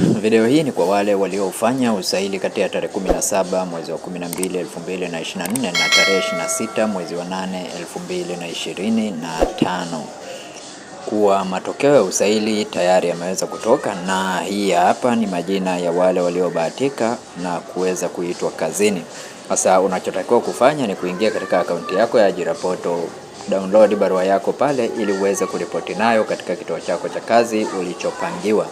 Video hii ni kwa wale waliofanya usaili kati ya tarehe 17 mwezi wa 12 2024 na tarehe 26 mwezi wa 8 2025 kuwa matokeo ya usaili tayari yameweza kutoka, na hii hapa ni majina ya wale waliobahatika na kuweza kuitwa kazini. Sasa unachotakiwa kufanya ni kuingia katika akaunti yako ya Ajira Portal, download barua yako pale ili uweze kuripoti nayo katika kituo chako cha kazi ulichopangiwa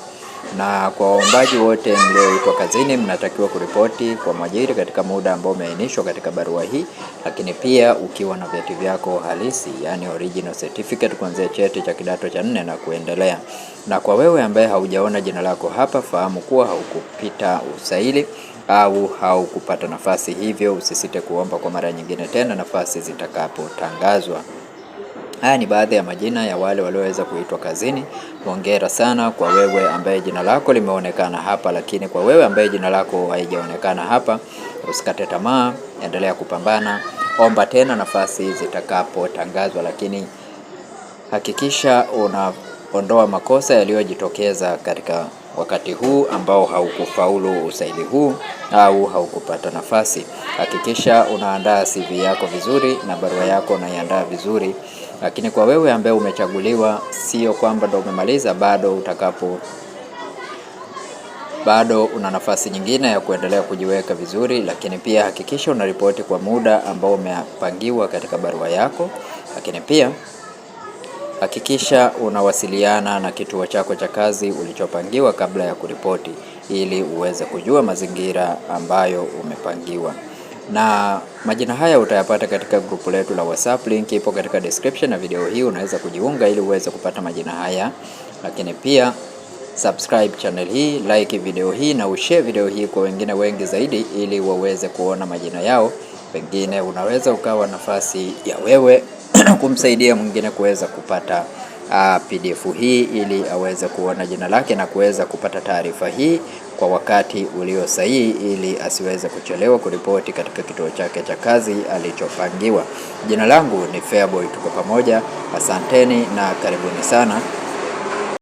na kwa waombaji wote mlioitwa kazini mnatakiwa kuripoti kwa mwajiri katika muda ambao umeainishwa katika barua hii, lakini pia ukiwa na vyeti vyako halisi, yani original certificate kuanzia cheti cha kidato cha nne na kuendelea. Na kwa wewe ambaye haujaona jina lako hapa, fahamu kuwa haukupita usaili au haukupata nafasi, hivyo usisite kuomba kwa mara nyingine tena nafasi zitakapotangazwa. Haya ni baadhi ya majina ya wale walioweza kuitwa kazini. Hongera sana kwa wewe ambaye jina lako limeonekana hapa, lakini kwa wewe ambaye jina lako haijaonekana hapa, usikate tamaa, endelea kupambana, omba tena nafasi zitakapotangazwa, lakini hakikisha unaondoa makosa yaliyojitokeza katika wakati huu ambao haukufaulu usaili huu au haukupata nafasi. Hakikisha unaandaa CV yako vizuri na barua yako unaiandaa vizuri. Lakini kwa wewe ambaye umechaguliwa, sio kwamba ndo umemaliza, bado utakapo bado una nafasi nyingine ya kuendelea kujiweka vizuri, lakini pia hakikisha unaripoti kwa muda ambao umepangiwa katika barua yako, lakini pia Hakikisha unawasiliana na kituo chako cha kazi ulichopangiwa kabla ya kuripoti ili uweze kujua mazingira ambayo umepangiwa. Na majina haya utayapata katika grupu letu la WhatsApp, link ipo katika description ya video hii, unaweza kujiunga ili uweze kupata majina haya. Lakini pia subscribe channel hii, like video hii na ushare video hii kwa wengine wengi zaidi ili waweze kuona majina yao pengine unaweza ukawa nafasi ya wewe kumsaidia mwingine kuweza kupata uh, PDF hii ili aweze kuona jina lake na kuweza kupata taarifa hii kwa wakati ulio sahihi ili asiweze kuchelewa kuripoti katika kituo chake cha kazi alichopangiwa. Jina langu ni Feaboy, tuko pamoja. Asanteni na karibuni sana.